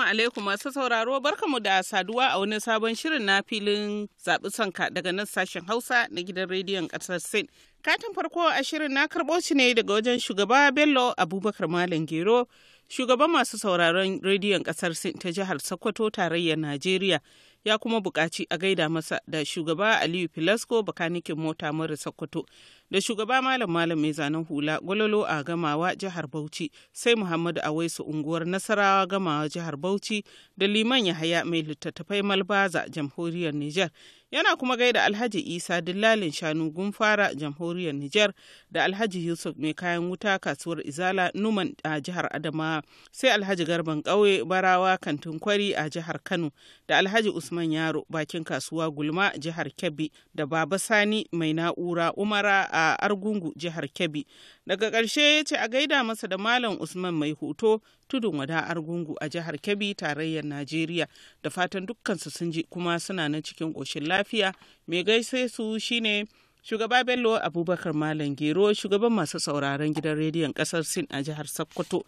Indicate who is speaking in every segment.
Speaker 1: Assalamu alaikum masu sauraro barkamu da saduwa a wani sabon shirin na filin zaɓi sanka daga nan sashen Hausa na gidan rediyon ƙasar Sin. Katin farko a shirin na karɓo shi ne daga wajen shugaba Bello Abubakar Malam Gero, shugaban masu sauraron rediyon ƙasar Sin ta jihar Sokoto tarayyar Najeriya. ya kuma buƙaci a gaida masa da shugaba aliyu filasco bakanikin mota mara sokoto da shugaba malam malam mai zanen hula gwalolo a gamawa jihar bauchi sai muhammadu a awaisu unguwar nasarawa gamawa jihar bauchi da liman yahaya mai littattafai malbaza jamhuriyar niger yana kuma gaida alhaji isa dillalin shanu Gunfara jamhuriyar Nijar da alhaji yusuf mai kayan wuta kasuwar izala numan a jihar adamawa sai alhaji garban ƙauye barawa kantin kwari a jihar kano da alhaji usman yaro bakin kasuwa gulma jihar kebbi da baba sani mai na'ura umara a argungu jihar kebbi daga ƙarshe ya ce a gaida masa da malam usman mai hoto tudun wada argungu a jihar kebbi tarayyar najeriya da fatan dukkansu sun ji kuma suna nan cikin koshin lafiya mai gaise su shine shugaba bello abubakar malam gero shugaban masu sauraron gidan rediyon ƙasar sin a jihar sokoto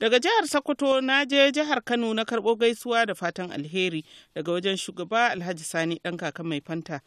Speaker 1: daga jihar sokoto na je jihar kano na karɓo gaisuwa da fatan alheri daga wajen shugaba alhaji sani ɗan kakan mai fanta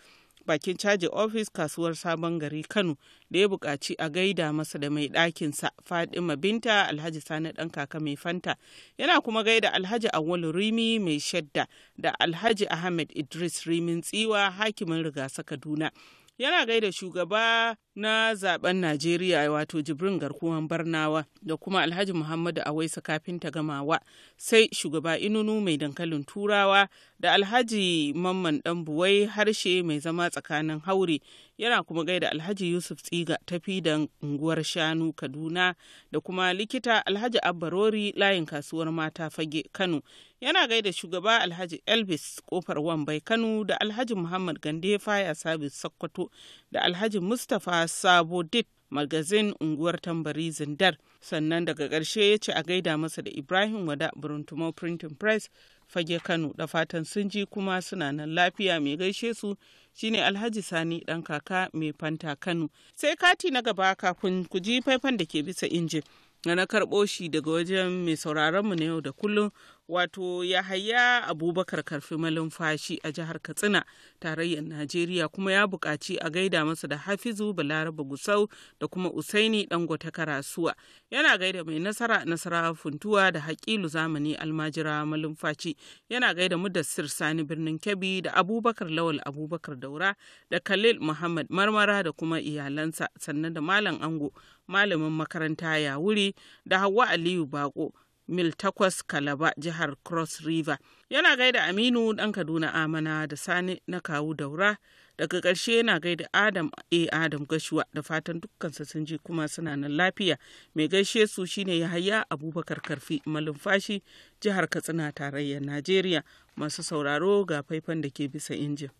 Speaker 1: bakin caji ofis kasuwar sabon gari kano da ya buƙaci a gaida masa da mai ɗakinsa fadima binta alhaji sani ɗan kaka mai fanta yana kuma gaida alhaji awal rimi mai shadda da alhaji ahmed idris rimin tsiwa hakimin rigasa kaduna yana gaida shugaba na zaben Najeriya wato Jibrin garkuwan Barnawa da kuma Alhaji Muhammadu Awaisa kafinta gamawa sai shugaba Inunu mai dankalin Turawa da Alhaji Mamman Buwai harshe mai zama tsakanin haure yana kuma gaida Alhaji Yusuf Tsiga tafi da unguwar Shanu Kaduna da kuma likita Alhaji Abbarori layin kasuwar mata fage Kano yana gaida shugaba Alhaji Elvis kofar Wambai Kano da Alhaji Muhammad Gande Faya Sabis Sokoto da Alhaji Mustapha Sabo Dit magazin unguwar tambari Zindar. Sannan daga ƙarshe ya ce a gaida masa da Ibrahim Wada Buruntumo Printing Press fage Kano da fatan sun ji kuma suna nan lafiya mai gaishe su shine Alhaji Sani ɗan kaka mai fanta Kano. Sai kati na gaba kafin ku ji faifan da ke bisa injin. na karɓo shi daga wajen mai mu na yau da kullum wato Yahaya Abubakar Karfi Malumfashi a jihar Katsina tarayyar Najeriya kuma ya buƙaci a gaida masa da Hafizu Balaraba Gusau da kuma Usaini Dangote Karasuwa. Yana gaida mai nasara nasara funtuwa da Hakilu zamani almajira Malumfashi. Yana gaida Mudassir Sani birnin Kebbi da Abubakar Lawal Abubakar Daura da Khalil Muhammad Marmara da kuma iyalansa sannan da Malam Ango malamin makaranta ya wuri da Hauwa Aliyu Bako mil takwas kalaba jihar cross river yana gaida aminu dan kaduna amana da sani na kawu daura daga ƙarshe yana gaida adam a adam gashuwa da fatan dukkansa sun ji kuma suna nan lafiya mai gaishe su shine yahaya abubakar karfi malumfashi jihar katsina tarayyar najeriya masu sauraro ga faifan da ke bisa injin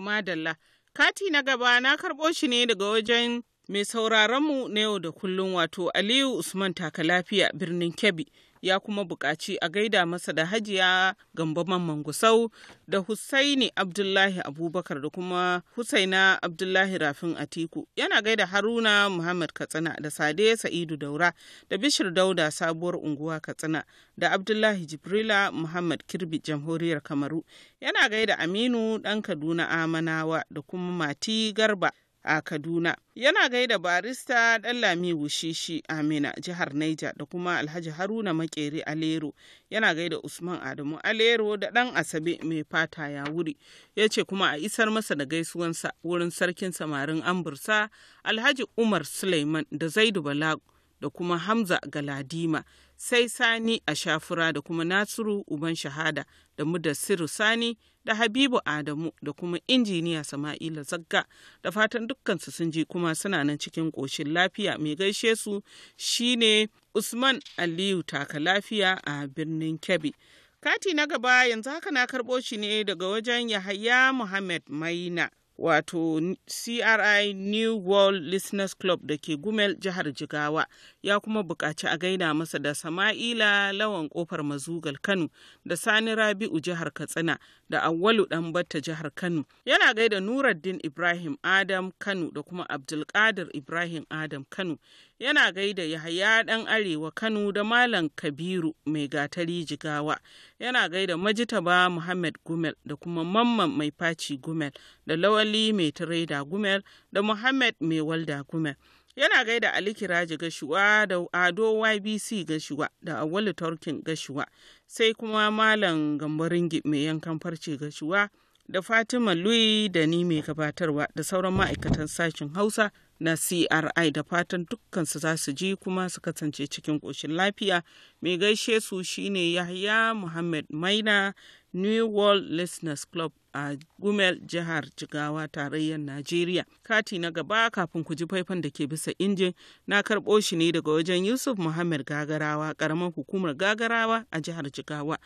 Speaker 1: madalla, kati na gaba na karɓo shi ne daga wajen mai sauraronmu na yau da kullum wato Aliyu Usman Taka Lafiya birnin Kebbi. ya kuma buƙaci a gaida masa da hajiya gamba mamman gusau da husaini abdullahi abubakar da kuma husaina abdullahi rafin atiku yana gaida haruna muhammad katsina da sade sa'idu daura da bishir dauda sabuwar unguwa katsina da abdullahi jibrila muhammad kirbi jamhuriyar kamaru yana gaida aminu ɗan kaduna amanawa da kuma mati garba a Kaduna. Yana gaida barista Lami Wushishi Amina jihar Niger da kuma Alhaji Haruna Makeri Alero. Yana gaida Usman Adamu Alero da ɗan Asabe mai fata ya wuri. Ya ce kuma a isar masa da gaisuwansa wurin sarkin samarin Ambursa Alhaji Umar Suleiman da Zaidu Balagu. da kuma Hamza Galadima sai Sani a shafura da kuma Nasiru Uban Shahada da Mudassiru Sani da Habibu Adamu da kuma injiniya Sama'ila Zagga da fatan dukkansu sun ji kuma suna nan cikin ƙoshin lafiya mai gaishe su shine Usman Aliyu taka lafiya a birnin Kebbi. Kati na gaba yanzu haka na karɓo shi ne daga wajen Yahaya Muhammad Maina wato CRI New World Listeners Club da ke Gumel jihar Jigawa ya kuma buƙaci a gaida masa da Sama'ila Lawan Kofar Mazugal Kano da Sani Rabi'u jihar Katsina da Awwalu batta jihar Kano. Yana gaida Nuruddin Ibrahim Adam Kano da kuma Abdulkadir Ibrahim Adam Kano. Yana gaida Yahaya dan Arewa Kano da Malam Kabiru mai gatari Jigawa. Yana gaida Majitaba Muhammad Gumel da kuma Mamman mai faci Gumel da Lawali mai Tireda Gumel da Muhammad mai walda Gumel. yana gaida Ali Kiraji Gashuwa da Ado YBC Gashuwa da Awali Turkin Gashuwa sai kuma Malam Gambarin mai yankan farce Gashuwa da Fatima Lui da ni mai gabatarwa da sauran ma'aikatan sashen Hausa na CRI da fatan dukkansu za su ji kuma su kasance cikin ƙoshin lafiya mai gaishe su shine Yahya Muhammad Maina New World Listeners Club a Gumel jihar Jigawa tarayyar Najeriya. Kati na gaba kafin ku ji faifan da ke bisa injin na karɓo shi ne daga wajen Yusuf Muhammad Gagarawa ƙaramin hukumar Gagarawa a jihar Jigawa.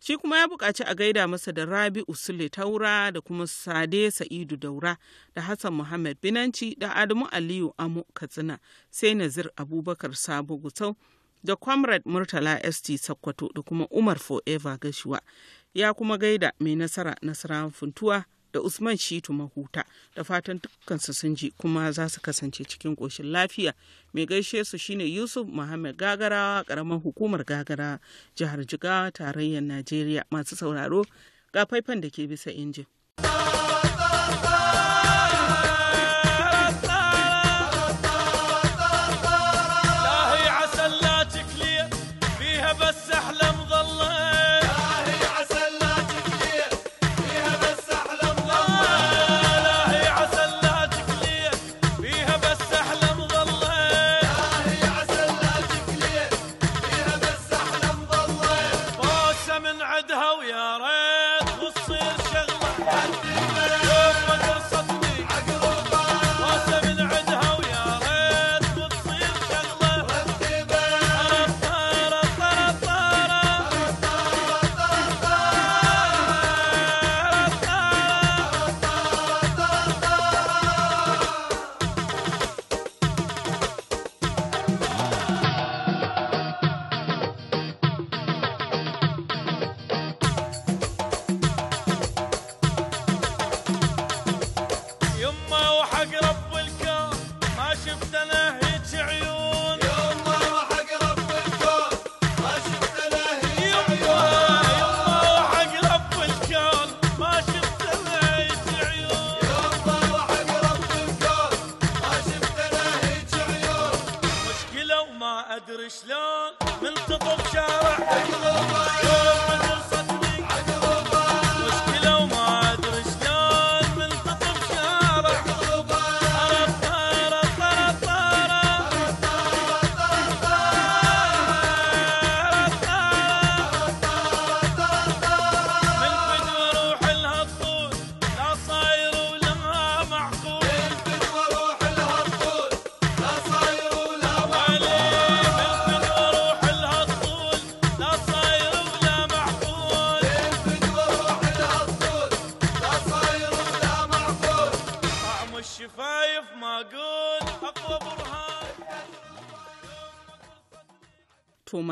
Speaker 1: Shi kuma ya buƙaci a gaida masa da Rabi Usule Taura da kuma Sade Sa'idu Daura da Hassan Muhammad Binanci da Adamu Aliyu Amu Katsina sai Nazir Abubakar Sabo Gusau da Comrade Murtala ST Sakkwato da kuma Umar Forever Gashuwa. ya kuma gaida mai nasara nasara funtuwa da usman shitu mahuta da fatan dukkansu sun ji kuma za su kasance cikin ƙoshin lafiya mai gaishe su shine yusuf muhammad gagarawa karamar hukumar gagara jihar jigawa tarayyar najeriya masu sauraro ga faifan da ke bisa injin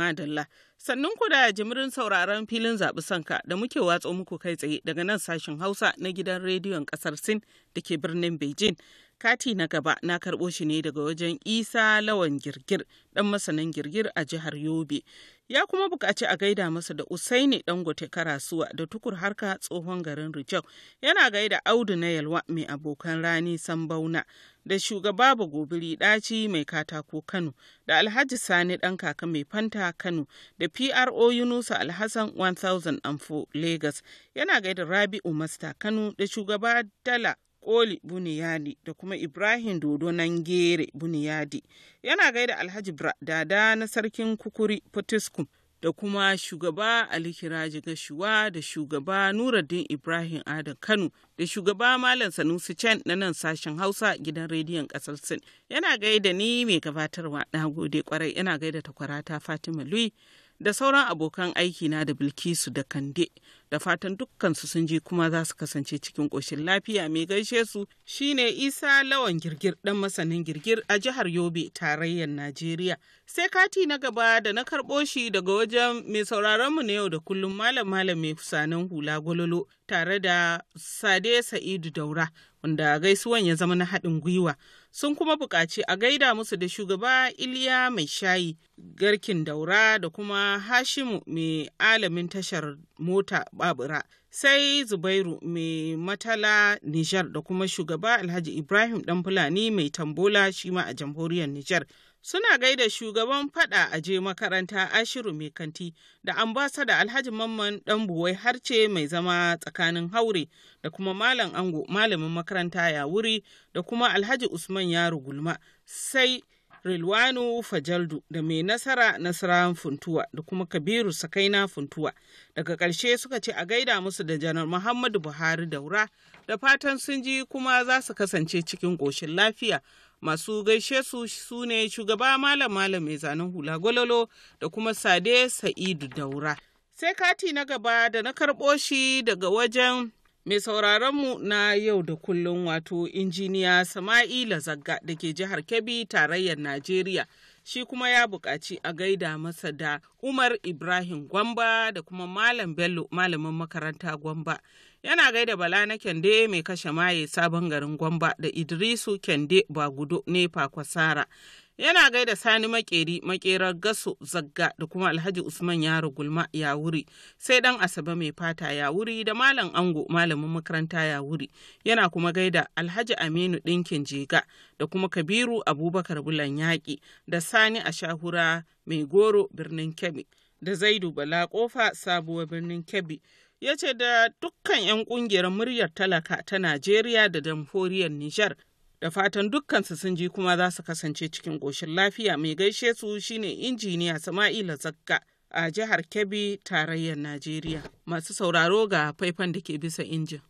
Speaker 1: madalla. Sannan ku da jimirin sauraron filin zaɓi sanka da muke watsa muku kai tsaye daga nan sashen Hausa na gidan rediyon ƙasar Sin da ke birnin Beijing. Kati na gaba na karɓo shi ne daga wajen Isa Lawan Girgir, ɗan masanin girgir a jihar Yobe. Ya kuma bukaci a gaida masa da Usaini Dangote Karasuwa da tukur harka tsohon garin Rijau. Yana gaida Audu na Yalwa mai abokan rani Sambauna da shugaba gobiri Ɗaci mai katako Kano da Alhaji Sani ɗan kaka mai fanta Kano da PRO Yunusa Alhassan 1004 Lagos. Yana gaida Rabi'u Masta Kano da shugaba Dala Koli Buniyadi da kuma Ibrahim Dodo nan Nangere Buniyadi yana gaida Alhaji Dada na Sarkin Kukuri Potiskum da kuma shugaba Ali Kiraji Gashuwa da shugaba Nuruddin Ibrahim Adam Kano da shugaba Malam Sanusi Chen na nan sashen Hausa gidan rediyon kasar Sin yana gaida ni mai gabatarwa na gode kwarai yana gaida takwarata Fatima Lui da sauran abokan aiki na da Bilkisu da Kande. Da fatan dukkansu sun ji kuma za su kasance cikin ƙoshin lafiya mai gaishe su shine Isa Lawan Girgir ɗan masanin girgir a jihar Yobe tarayyar Najeriya. Sai kati na gaba da na karɓo shi daga wajen mai mu na yau da kullum malam malam mai fusanan hula gwalolo", tare da Sade Sa'idu Daura wanda gaisuwan ya zama na haɗin gwiwa. sun kuma buƙaci a gaida musu da shugaba iliya mai shayi garkin daura da kuma hashimu mai alamin tashar mota babura sai zubairu mai matala nijar da kuma shugaba alhaji ibrahim dan fulani mai tambola shi ma a jamhuriyar nijar suna gaida shugaban fada a je makaranta ashiru mai kanti da da alhaji mamman dan buwai harce mai zama tsakanin haure da kuma malam ango malamin makaranta ya wuri da kuma alhaji usman yaro gulma sai rilwanu fajaldu da mai nasara nasara funtuwa da kuma kabiru sakaina funtuwa daga ƙarshe suka ce a gaida musu da janar muhammadu buhari daura da fatan sun ji kuma za su kasance cikin ƙoshin lafiya masu gaishe su su ne shugaba malam malam mai zanen hula gwalolo da kuma sade sa'idu daura sai kati na gaba da na karɓo shi daga wajen mai sauraronmu na yau da kullum wato injiniya sama'ila zagga da ke jihar kebbi tarayyar najeriya shi kuma ya buƙaci a gaida masa da umar ibrahim gwamba da kuma malam bello malamin makaranta gwamba Yana gaida Bala na Kyande mai kashe maye sabon garin Gwamba da Idrisu Kyande Bagudo Nefa Kwasara. Yana gaida Sani Makeri Makerar Gaso Zagga da kuma Alhaji Usman Yaro Gulma wuri sai dan Asabe mai fata ya wuri da Malam Ango malamin makaranta ya wuri Yana kuma gaida Alhaji Aminu Dinkin Jega da kuma Kabiru Abubakar Bulan Yaƙi da Sani a shahura Mai Goro Birnin Kebbi da Zaidu Bala Kofa Sabuwar Birnin Kebbi. ya ce da dukkan 'yan kungiyar muryar talaka ta Najeriya da jamhuriyar Nijar da fatan dukkansu sun ji kuma za su kasance cikin ƙoshin lafiya mai gaishe su shine injiniya Sama'ila Zakka a jihar Kebbi tarayyar Najeriya. Masu sauraro ga faifan da ke bisa injin.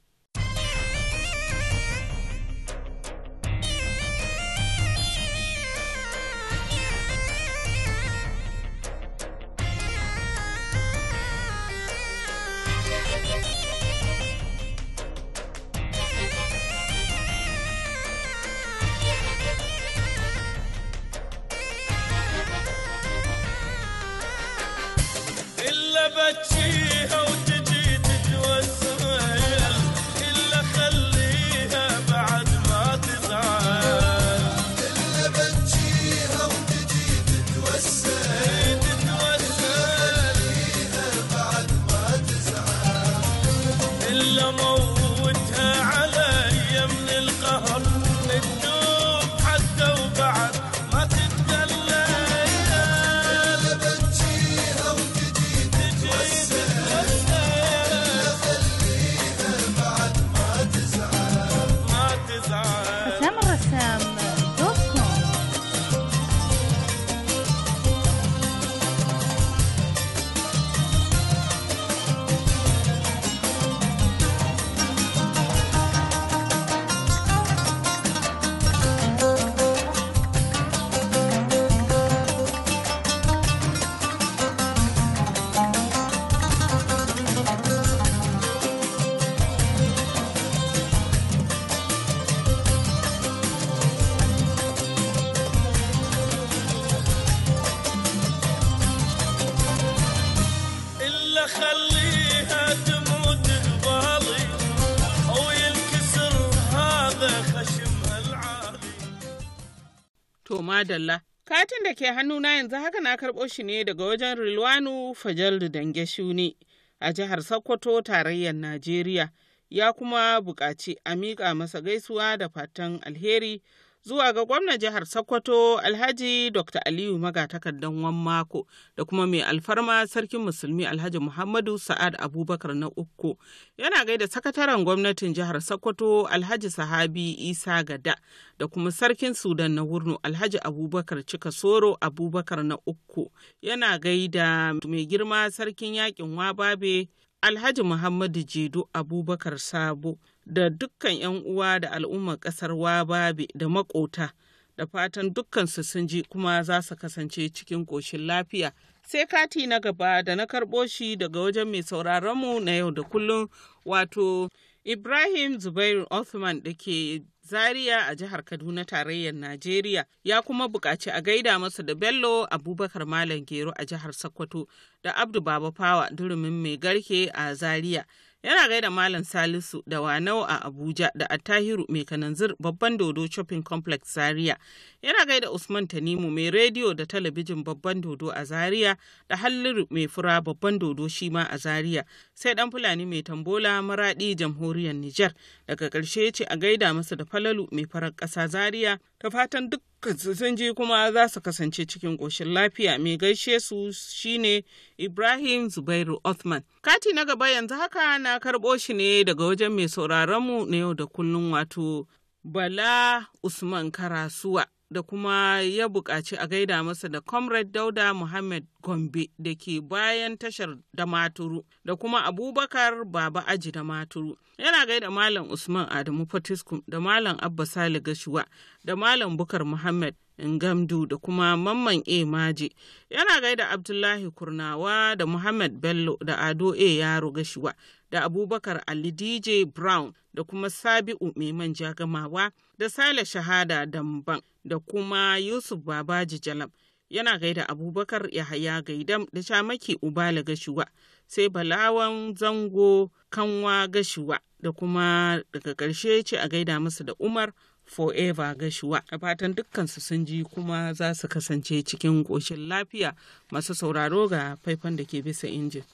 Speaker 1: To madalla, katin da ke hannuna yanzu haka na karɓo shi ne daga wajen Rilwanu Fajaldu Dange Shuni a jihar Sokoto tarayyar Najeriya. Ya kuma buƙaci a miƙa masa gaisuwa da fatan alheri zuwa ga gwamnan jihar Sokoto Alhaji Dr. Aliyu magatakardan wan mako da kuma mai alfarma sarkin musulmi Alhaji Muhammadu Sa'ad Abubakar na uku yana gaida sakataren gwamnatin jihar Sokoto Alhaji Sahabi Isa Gada da kuma sarkin Sudan na Wurnu Alhaji Abubakar Cika Soro Abubakar na uku yana gaida mai girma sarkin yakin Wababe Alhaji Muhammadu Jedu Abubakar Sabo da dukkan 'yan uwa da al'ummar ƙasar Wababe da makota da fatan dukkansu sun ji kuma za su kasance cikin ƙoshin lafiya. Sai kati na gaba da na karɓo shi daga wajen mai sauraronmu na yau da kullum wato Ibrahim Zubairu Othman da ke Zaria a jihar Kaduna tarayyar Najeriya ya kuma buƙaci a gaida masa da Bello Abubakar Malam Gero a jihar Sokoto da Abdu Baba Fawa durumin mai garke a Zaria yana gaida Malam Salisu da Wanau a Abuja da Attahiru mai kananzir babban dodo shopping complex Zaria. Yana gaida Usman Tanimu mai rediyo da talabijin babban dodo a Zaria da Halliru mai fura babban dodo shi ma a Zaria. Sai dan Fulani mai tambola maradi jamhuriyar Nijar. Daga ƙarshe ce a gaida masa da Falalu mai farar ƙasa Zaria ta fatan dukkan sun ji kuma za su kasance cikin ƙoshin lafiya mai gaishe su shine ibrahim zubairu othman kati na gaba yanzu haka na karɓo shi ne daga wajen mai sauraronmu na yau da kullum wato bala usman karasuwa da kuma ya buƙaci a gaida masa da comrade dauda muhammad gombe da ke bayan tashar da maturu da kuma abubakar baba aji da maturu yana gaida malam usman adamu fatiskum da malam abba sali gashuwa da malam bukar muhammad ngamdu da kuma mamman A maje yana gaida abdullahi kurnawa da muhammad bello da ado A yaro gashuwa da abubakar ali dj brown da kuma sabi'u mai manja gamawa da sale shahada damban da kuma Yusuf Babaji Jalam. Yana gaida Abubakar Yahaya Gaidam da Shamaki Ubala Gashuwa, sai Balawan Zango Kanwa Gashuwa da kuma daga ƙarshe ce a gaida musu da Umar Forever Gashuwa. A fatan dukkansu sun ji kuma za su kasance cikin ƙoshin lafiya masu sauraro ga faifan da ke bisa injin.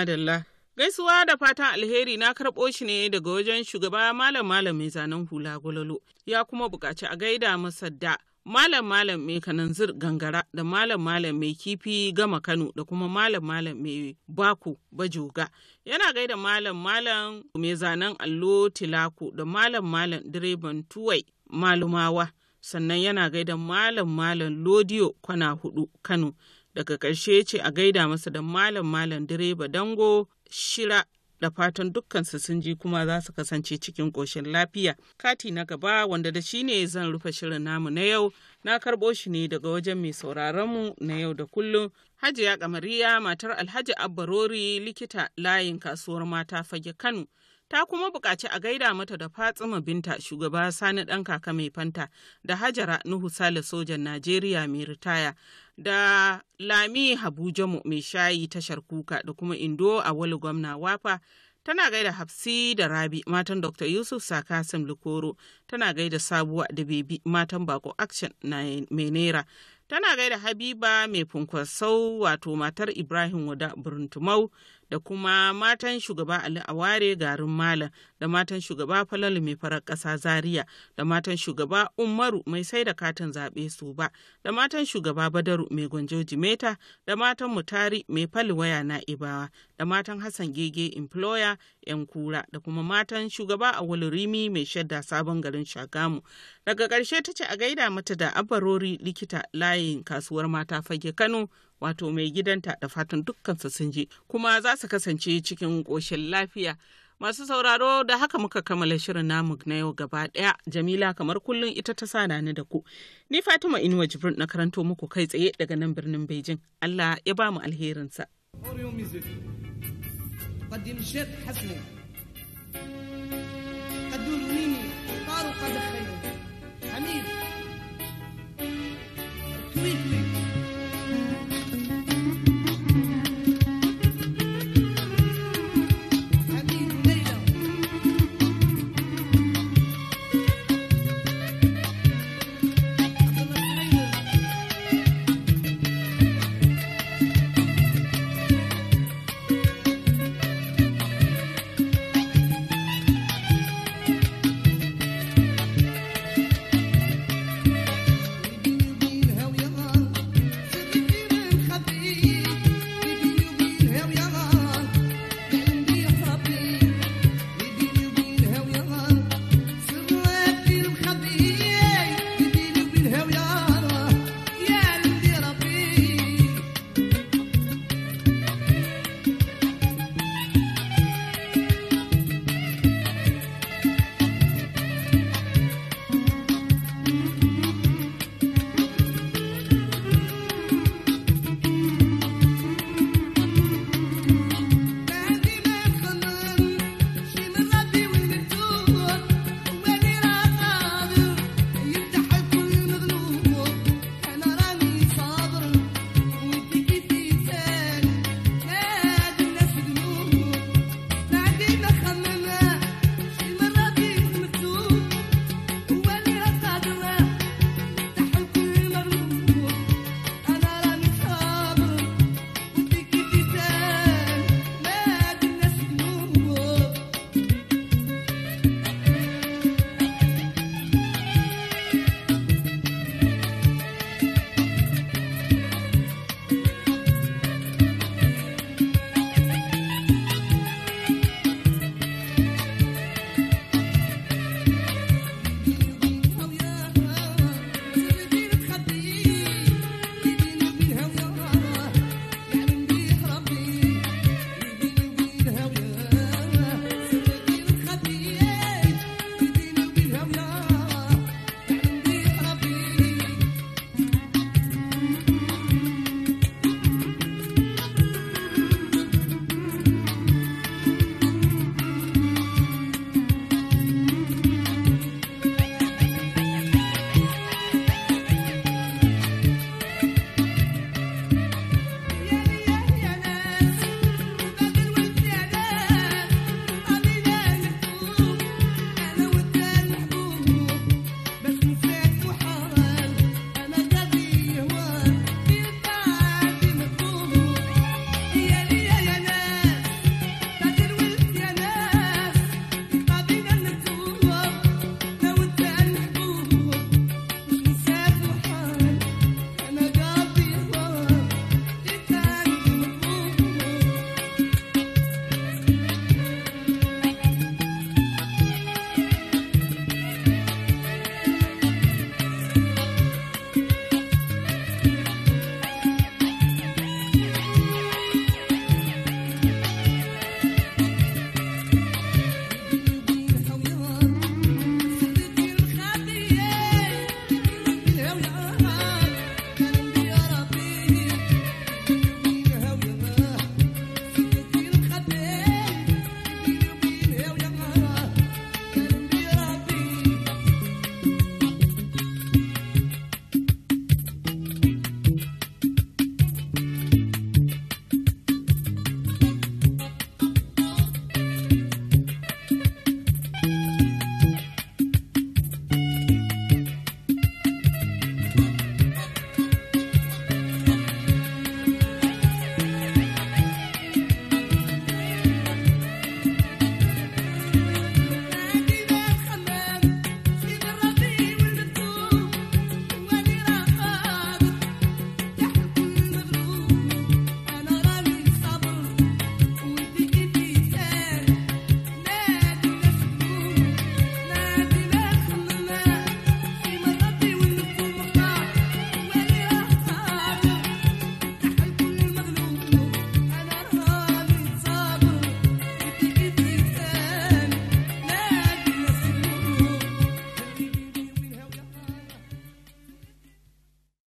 Speaker 1: madalla. Gaisuwa da fatan alheri na karɓo shi ne daga wajen shugaba malam malam mai zanen hula gwalolo ya kuma buƙaci a gaida masa da malam malam mai kananzir gangara da malam malam mai kifi gama kano da kuma malam malam mai baku bajoga yana gaida malam malam mai zanen allo tilaku da malam malam direban tuwai malumawa sannan yana gaida malam malam lodiyo kwana hudu kano daga ƙarshe ce a gaida masa da malam malam direba dango shira da fatan dukkan su sun ji kuma za su kasance cikin ƙoshin lafiya kati na gaba wanda da shi ne zan rufe shirin namu na yau na karɓo shi ne daga wajen mai sauraronmu na yau da kullum hajiya kamariya matar alhaji abbarori likita layin kasuwar mata fage kano ta kuma buƙaci a gaida mata da fatsima binta shugaba sani ɗan kaka mai fanta da hajara nuhu sale sojan najeriya mai ritaya da Lami Habujamu mai shayi tashar kuka da kuma Indo a wali gwamna wafa tana gaida Hafsi da Rabi matan Dr. Yusuf Sakasim Lukoro tana gaida Sabuwa da Bebi matan Bako Action na mai naira tana gaida Habiba mai funkwasau wato matar Ibrahim Wada Burntumau da kuma matan shugaba Ali Aware garin Malam da matan shugaba Falalu mai farar ƙasa Zaria da matan shugaba Umaru mai sai da katin zaɓe su ba da matan shugaba Badaru mai gwanjo Jimeta da matan Mutari mai falwaya na Ibawa da matan Hassan Gege Employer yan kura da kuma matan shugaba a Rimi mai shadda sabon garin Shagamu daga ƙarshe ta ce a gaida mata da abarori likita layin kasuwar mata fage Kano wato mai gidanta da fatan dukkansa sun je kuma za su kasance cikin ƙoshin lafiya. Masu sauraro da haka muka kammala shirin namu na yau gaba daya Jamila kamar kullum ita ta sa ni da ku. Ni Fatima Inuwa Jibrin na karanto muku kai tsaye daga nan birnin Bejin. Allah ya ba mu alherinsa.